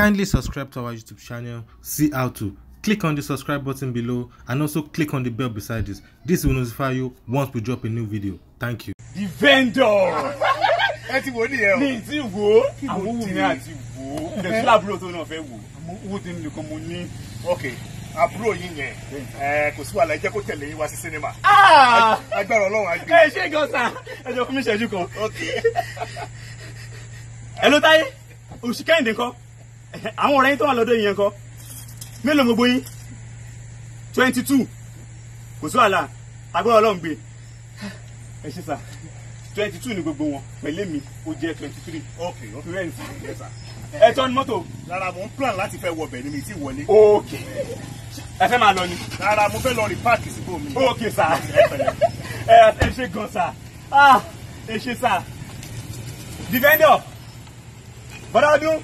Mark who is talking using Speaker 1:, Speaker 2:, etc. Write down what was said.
Speaker 1: Kindly subscribe to our YouTube channel, see how to. Click on the subscribe button below and also click on the bell beside this. This will notify you once we drop a new video. Thank you. The vendor!
Speaker 2: ẹ ti wo nìyẹn o. mi ti wo àwọn owó ah! mi àti wo tẹsí àbúrò àwọn ọ̀rẹ́ yín tó wà lọ́dọ̀ yìí yẹn kọ́ mélòó gbogbo yín twenty two kò sí wàhálà agbára ọlọ́run gbé ẹ ṣe sà twenty two ni gbogbo wọn pẹ̀lẹ́ mi ó jẹ́ twenty three. ok ok rent ẹ tọ́ ni mọ́tò. rárá mo ń plan láti fẹ́ wọ bẹ̀rẹ̀ mi tí wọlé. ok ẹ fẹ́ máa lọ ni. rárá mo fẹ́ lọ rí páàkì síbò mi. ok sà ẹ ẹ ṣe gan sà ah ẹ ṣe sà dìvẹ́ndọ̀ bọ́dá ọdún.